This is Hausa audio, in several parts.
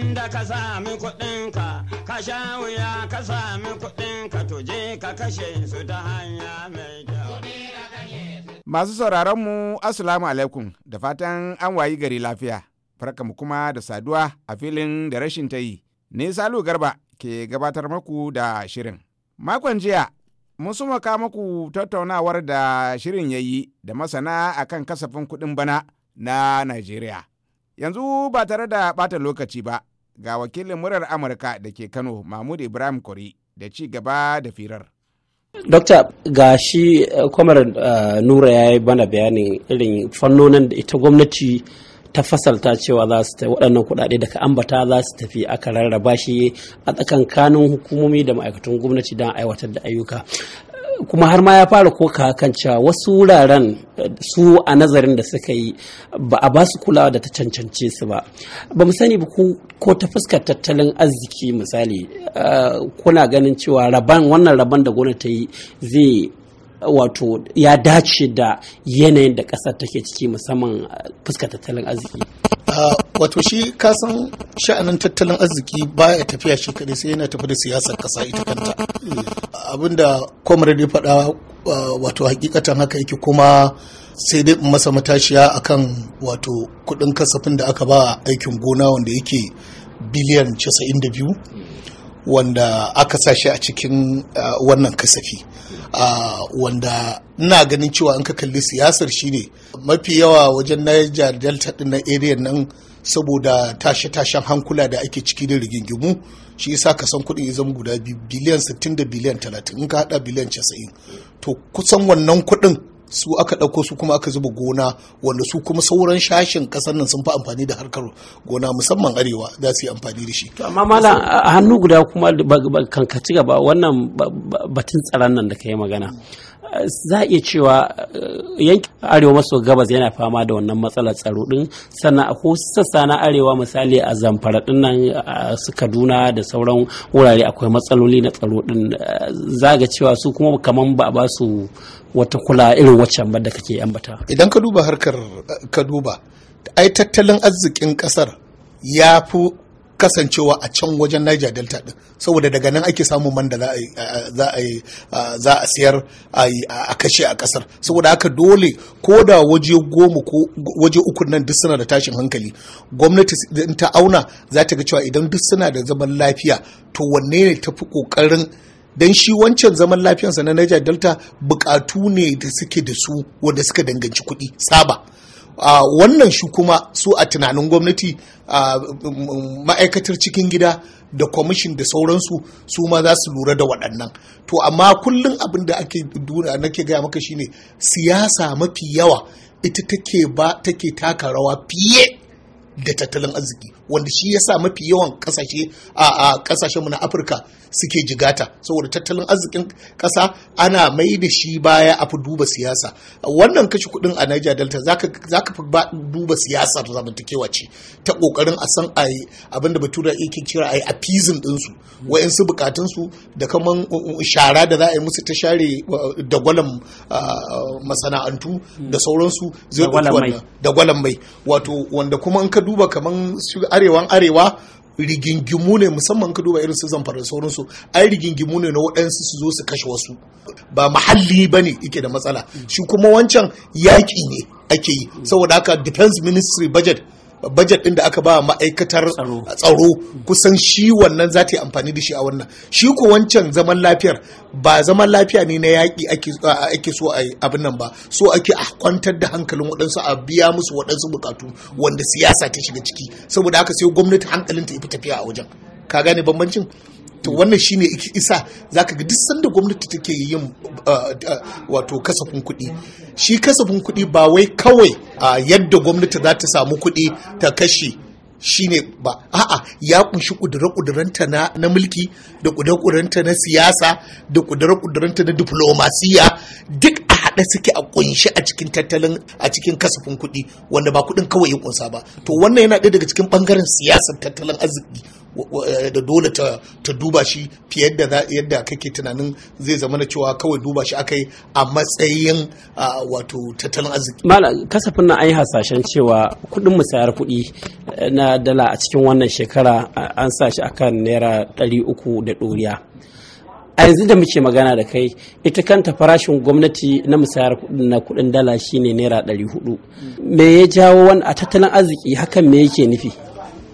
inda da ka sami kuɗinka, ka sha wuya ka sami kuɗinka tuje ka kashe su ta hanya mai kyau. Masu sauraron mu Assalamu alaikum da fatan an wayi gari lafiya. mu kuma da saduwa a filin da rashin ta yi. Ni Salu Garba ke gabatar maku da shirin. Makon jiya mun maka maku tattaunawar da shirin ya yi da masana akan kasafin kuɗin bana na Najeriya. Yanzu ba tare da ɓata lokaci ba, ga wakilin murar amurka da ke kano mahmud ibrahim kori da ci gaba da firar Dokta ga shi eh, kwamar eh, Nura ya yi bana bayanin irin fannonin da ita gwamnati ta fasalta cewa za su waɗannan kuɗaɗe daga ambata za su tafi aka rarraba shi a tsakankanin hukumomi da ma'aikatan gwamnati don aiwatar da ayyuka kuma har ma ya fara koka kan cewa wasu wuraren su a nazarin da suka yi ba a basu su kulawa da ta cancance su ba ba mu sani ba ko ta fuskar tattalin arziki misali eh, kuna ganin cewa raban wannan raban da gwamnati ta yi zai wato ya dace da yanayin da ƙasar take ciki musamman uh, fuskar tattalin arziki ah, wato shi kasan sha'anin tattalin arziki baya tafiya shi kadai sai yana tafi da siyasar kasa ita kanta hmm. abinda comrade faɗa uh, wato hakikatan haka yake kuma sai dai masa matashiya akan wato kudin kasafin da aka ba aikin gona wanda yake biliyan 92 wanda aka sashi a cikin uh, wannan kasafi uh, wanda ina ganin cewa an ka kalli siyasar shi ne. mafi yawa wajen Niger Delta din na area nan saboda tashe-tashen hankula da ake ciki da rigingimu shi yasa ka san kuɗin zama guda biliyan 60 da biliyan 30 in ka haɗa biliyan 90 to kusan wannan kuɗin su aka ɗauko su kuma aka zuba gona wanda su kuma sauran shashin ƙasar nan sun fi amfani da harkar gona musamman arewa za su yi amfani da shi. amma mala a hannu guda kuma kan ka ci gaba wannan batun tsaron nan da ka yi magana za a iya cewa eh, yankin arewa maso gabas yana fama da wannan matsalar tsaro din sannan a sassa na arewa misali a zamfara din nan su kaduna da sauran wurare akwai matsaloli na tsaro din eh, za ga cewa su kuma kamar ba a ba su wata kula irin waccan ba da kake ambata idan ka duba harkar eh, ka duba ai tattalin arzikin kasar ya fi kasancewa a can wajen Niger Delta din saboda daga nan ake samun man da za a yi za a siyar a kashe a kasar saboda haka dole ko da waje goma ko waje uku nan duk suna da tashin hankali gwamnati in ta auna za ta ga cewa idan duk suna da zaman lafiya to wanne ne tafi kokarin don shi wancan zaman lafiyansa na Niger Delta bukatu ne da suke da su wanda suka danganci kuɗi saba a ah, wannan shi kuma su a tunanin gwamnati ah, ma'aikatar cikin gida da kwamishin da sauransu su ma za su lura da waɗannan to amma kullum abin da ake duna nake gaya maka shine siyasa mafi yawa ita take ba take taka rawa fiye da tattalin arziki wanda shi yasa mafi yawan kasashe a kasashenmu na afirka suke jigata saboda tattalin arzikin kasa ana mai da shi baya a fi duba siyasa wannan kashe kudin a niger delta zaka fi duba siyasar zamantakewa ce ta kokarin a san a abin da batura yake kira a yi appeasing dinsu wa'yansu bukatunsu da kaman shara da za a yi musu ta share dagwalan masana'antu da sauransu zai da gwalan mai wato wanda kuma in ka duba kaman arewan arewa rigingimu ne musamman ka duba irin su zamfara da sauransu ai rigingimu ne na waɗansu su zo su kashe wasu ba mahalli ba ne yake da matsala shi kuma wancan yaƙi ne ake yi saboda haka defense ministry budget Bajet din da aka ba ma'aikatar tsaro kusan shi wannan za ta yi amfani da shi a wannan shi ko wancan zaman lafiyar ba zaman lafiya ne na yaƙi ake so a abin nan ba so ake a kwantar da hankalin waɗansu a biya musu waɗansu bukatu wanda siyasa ta shiga ciki saboda haka sai gwamnati hankalinta ta fi tafiya a wajen ka gane bambancin to wannan shine isa zaka ga duk sanda gwamnati take yin uh, uh, wato kasafin kuɗi shi kasafin kuɗi ba wai kawai uh, yadda gwamnati za ta samu kuɗi ta kashe shine ba a'a ya kunshi kudura-kuduranta na, mulki da kudura-kuduranta na siyasa da kudura-kuduranta na diplomasiya duk a haɗe suke a kunshi a cikin tattalin a cikin kasafin kuɗi wanda ba kuɗin kawai ya kunsa ba to wannan yana ɗaya daga cikin ɓangaren siyasar tattalin arziki Eh, da dole ta duba shi fiye da yadda kake tunanin zai zama na cewa kawai duba shi akai a matsayin wato tattalin arziki mala kasafin na yi hasashen cewa kudin musayar kudi eh, na dala a cikin wannan shekara an sa shi akan naira uku da ɗoriya a yanzu da muke magana da kai ita kanta farashin gwamnati na musayar na kudin dala shine naira hudu. me ya jawo wani a tattalin arziki hakan me yake nufi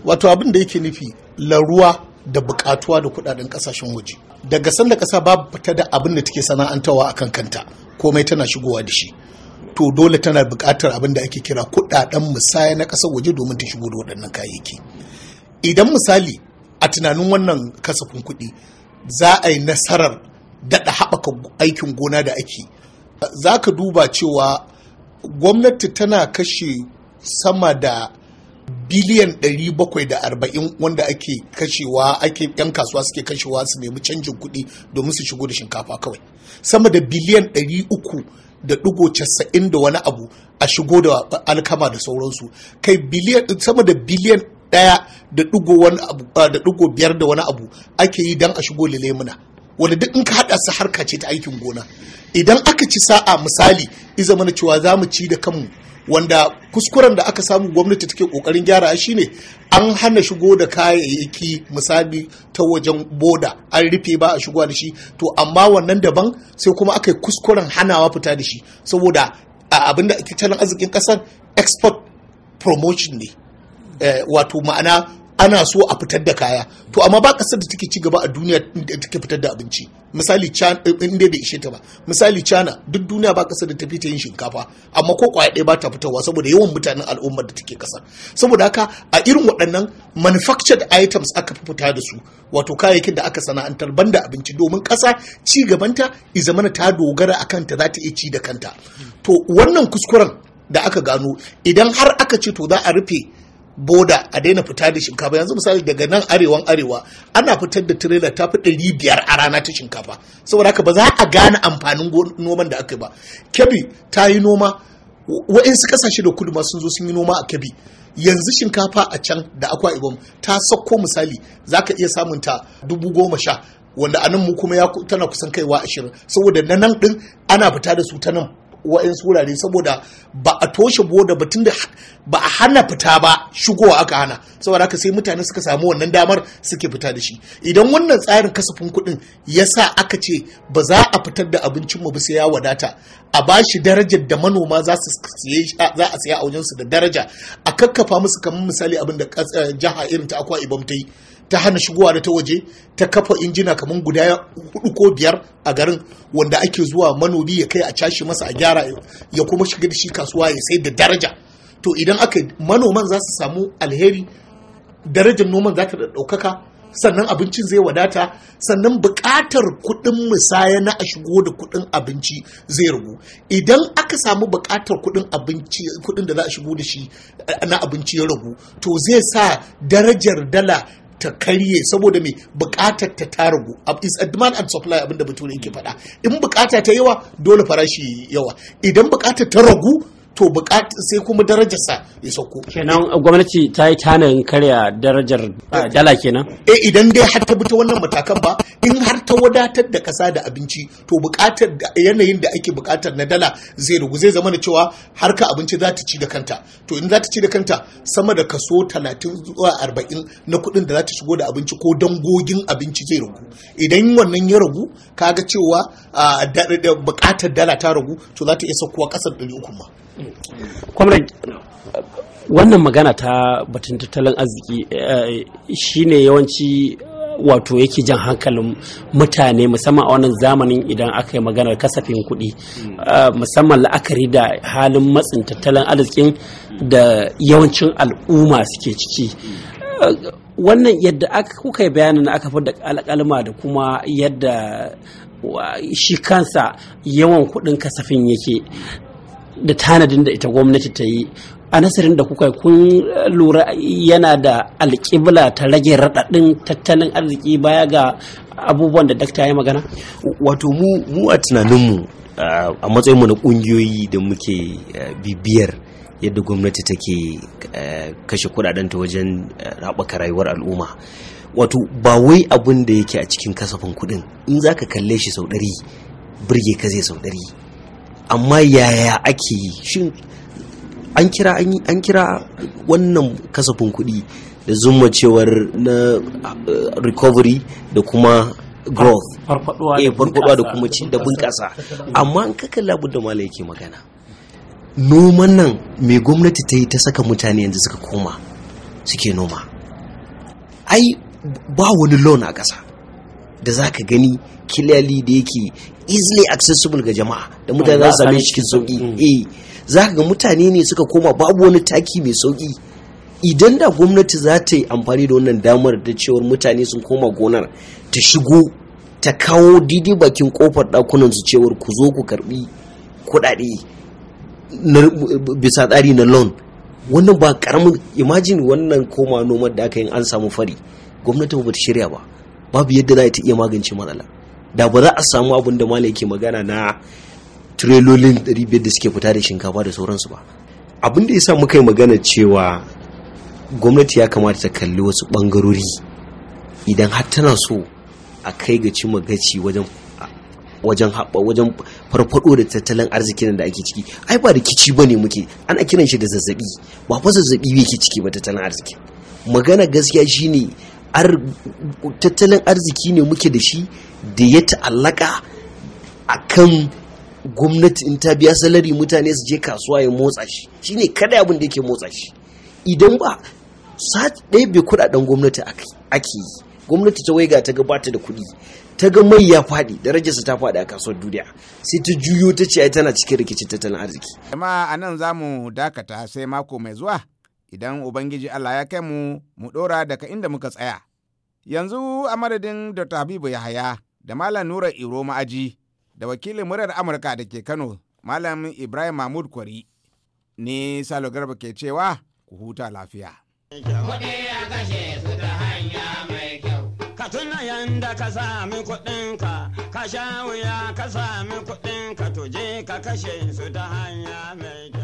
wato abin da yake nufi laruwa da bukatuwa da kudaden kasashen waje daga sanda kasa babu fita da abin da take sana'antawa a kan kanta komai tana shigowa da shi to dole tana bukatar abin da ake kira kudaden musaya na kasar waje domin ta shigo da waɗannan kayayyaki idan misali a tunanin wannan kasafin kuɗi za a yi nasarar daɗa haɓaka aikin gona da ake za ka duba cewa gwamnati tana kashe sama da biliyan 740 wanda ake kashewa ake yan kasuwa suke kashewa su nemi canjin kuɗi domin su shigo da shinkafa kawai sama da biliyan 300 da digo casa'in da wani abu a shigo da alkama da sauransu kai biliyan sama da biliyan ɗaya da wani da digo biyar da wani abu ake yi don a shigo da lemuna wanda duk in ka haɗa su harka ce ta aikin gona idan aka ci sa'a misali iza cewa za mu ci da kanmu wanda kuskuren da aka samu gwamnati take kokarin gyara shi ne an hana shigo da kayayyaki misali ta wajen boda an rufe ba a shigo da shi to amma wannan daban sai kuma aka yi kuskuren hanawa fita da shi saboda abinda tattalin arzikin kasar export promotion ne eh, wato ma'ana ana so a fitar da kaya to amma ba kasar da take ci gaba a duniya da take fitar da abinci misali china eh, eh, inda bai ishe ta ba misali china duk duniya ba kasar da ta fita yin shinkafa amma ko kwaya ɗaya ba ta fitarwa saboda yawan mutanen al'ummar da take kasar saboda haka a irin waɗannan manufactured items aka fi fita da su wato kayayyakin da aka sana'antar banda abinci domin ƙasa ci gabanta i zamana ta dogara a kanta, za ta iya ci da kanta to wannan kuskuren da aka gano idan har aka ce to za a rufe boda a daina fita da shinkafa yanzu misali daga nan arewan arewa ana fitar da tirela ta fi ɗari biyar a rana ta shinkafa saboda haka ba za a gane amfanin noman da aka ba kebi ta yi noma wa'insu kasashe da kudu ma sun zo sun yi noma a kebi yanzu shinkafa a can da akwa ibom ta sakko misali za ka iya samun ta dubu goma sha wanda a nan mu kuma tana kusan kaiwa ashirin saboda na nan din ana fita da su ta nan Waɗansu wurare saboda ba a toshe boda ba da ba a hana fita ba shigowa aka hana saboda haka sai mutane suka samu wannan damar suke fita da shi idan wannan tsarin kasafin kuɗin ya sa aka ce ba za a fitar da abincin mu ba sai ya wadata a ba shi darajar da manoma za su za a siya a wajensu da daraja a kakkafa musu kamar misali abin da eh, jiha irin ta akwa ibam ta yi ta hana shigowa da ta waje ta kafa injina kamar guda hudu ko biyar a garin wanda ake zuwa manomi ya kai a cashe masa a gyara ya kuma shiga da shi kasuwa ya sai da daraja to idan aka manoman za su samu alheri darajar noman za ta ɗaukaka sannan abincin zai wadata sannan buƙatar kuɗin misaya na a shigo da kuɗin abinci zai ragu idan aka samu buƙatar kuɗin abinci kuɗin da za a shigo da shi eh, na abinci ya ragu to zai sa darajar dala ta karye saboda mai bukatar ta ta ragu is a demand and supply abinda bature yake faɗa in bukata ta yawa dole farashi yawa idan bukatar ta ragu to bukatu sai kuma darajarsa ya sauko kenan gwamnati ta yi tanayin karya darajar ah, dala kenan eh idan dai har ta bi ta wannan matakan ba in har ta wadatar da kasa da abinci to bukatar yanayin da ake bukatar na dala zai rugu zai zama da cewa harka abinci za ta ci da kanta to in za ta ci da kanta sama da kaso 30 zuwa 40 na kuɗin da za ta shigo da abinci ko dangogin abinci zai rugu idan wannan ya ragu kaga cewa ah, bukatar dala ta ragu to za ta iya saukowa ƙasar 300 ma comrade wannan magana ta batun tattalin arziki eh, shine yawanci wato yake jan hankalin mutane musamman a wannan zamanin idan aka yi maganar kasafin kuɗi eh, musamman la'akari da halin matsin tattalin arzikin da yawancin al'umma suke ciki eh, wannan yadda kuka yi na aka fi da alƙalma da kuma yadda shi kansa yawan kuɗin kasafin yake da tanadin da ita gwamnati ta yi a nasirin da kuka kun eh, lura yana da alƙibla ta rage raɗaɗin tattalin arziki baya ga abubuwan da dakta ya magana? wato mu a tunaninmu eh, a matsayinmu na ƙungiyoyi da muke eh, bibiyar yadda gwamnati take kashe ta wajen haɓaka rayuwar al'umma wato ba wai abun da yake a cikin kasafin kuɗin in za ka kalle shi sau ɗari birge ka zai sau ɗari amma yaya ake yi shin an kira an kira wannan kasafin kuɗi da zuma cewar na eh, recovery da kuma growth farfaɗuwa da eh, kuma ci da bunƙasa amma an kaka labu da mala yake magana noman nan mai gwamnati ta yi ta saka mutane yanzu suka koma suke noma ai ba wani loan a ƙasa da za ka gani clearly da yake easily accessible ga jama'a da mutane za su same cikin sauki mm. eh za ka ga mutane ne suka koma babu wani taki mai sauki idan da gwamnati za ta yi amfani da wannan damar da cewar mutane sun koma gonar ta shigo ta kawo didi bakin kofar dakunan su cewar ku zo ku karbi kuɗaɗe bisa tsari na loan wannan ba karamin imagine wannan koma noman da aka yi an samu fari gwamnati ba ta shirya ba babu yadda za ta iya magance matsala da ba za a samu abin da mala yake magana na tirelolin 500 da suke fita da shinkafa da sauransu ba abin da ya sa muka yi magana cewa gwamnati ya kamata ta kalli wasu bangarori idan har tana so a kai ga cimma gaci wajen haɓa wajen farfaɗo da tattalin arzikin da ake ciki ai ba rikici ba ne muke ana kiran shi da zazzabi ba fa zazzabi ke ciki ba tattalin arziki magana gaskiya shine tattalin arziki ne muke da shi da ya ta'allaka a kan gwamnati in ta biya salari mutane su je kasuwa ya motsa shi Shi ne, kada abin da yake motsa shi idan ba sati ɗaya bai kuɗaɗen gwamnati ake yi gwamnati ta waiga ta gabata da kuɗi ta ga mai ya faɗi darajarsa ta faɗi a kasuwar duniya sai ta juyo ta ce ai tana cikin rikicin tattalin arziki. jama'a anan za mu dakata sai mako mai zuwa idan Ubangiji Allah ya kai mu mu ɗora daga inda muka tsaya. Yanzu a madadin Dr. Habibu Yahaya da Malam Nura Iro Ma'aji da wakilin murar Amurka da ke Kano Malam Ibrahim Mahmud Kwari ne Salo Garba ke cewa ku huta lafiya. Kuɗi ya kashe mai kyau. Ka tuna yanda ka sami kuɗinka, ka sha wuya ka sami kuɗinka, to je ka kashe su ta hanya mai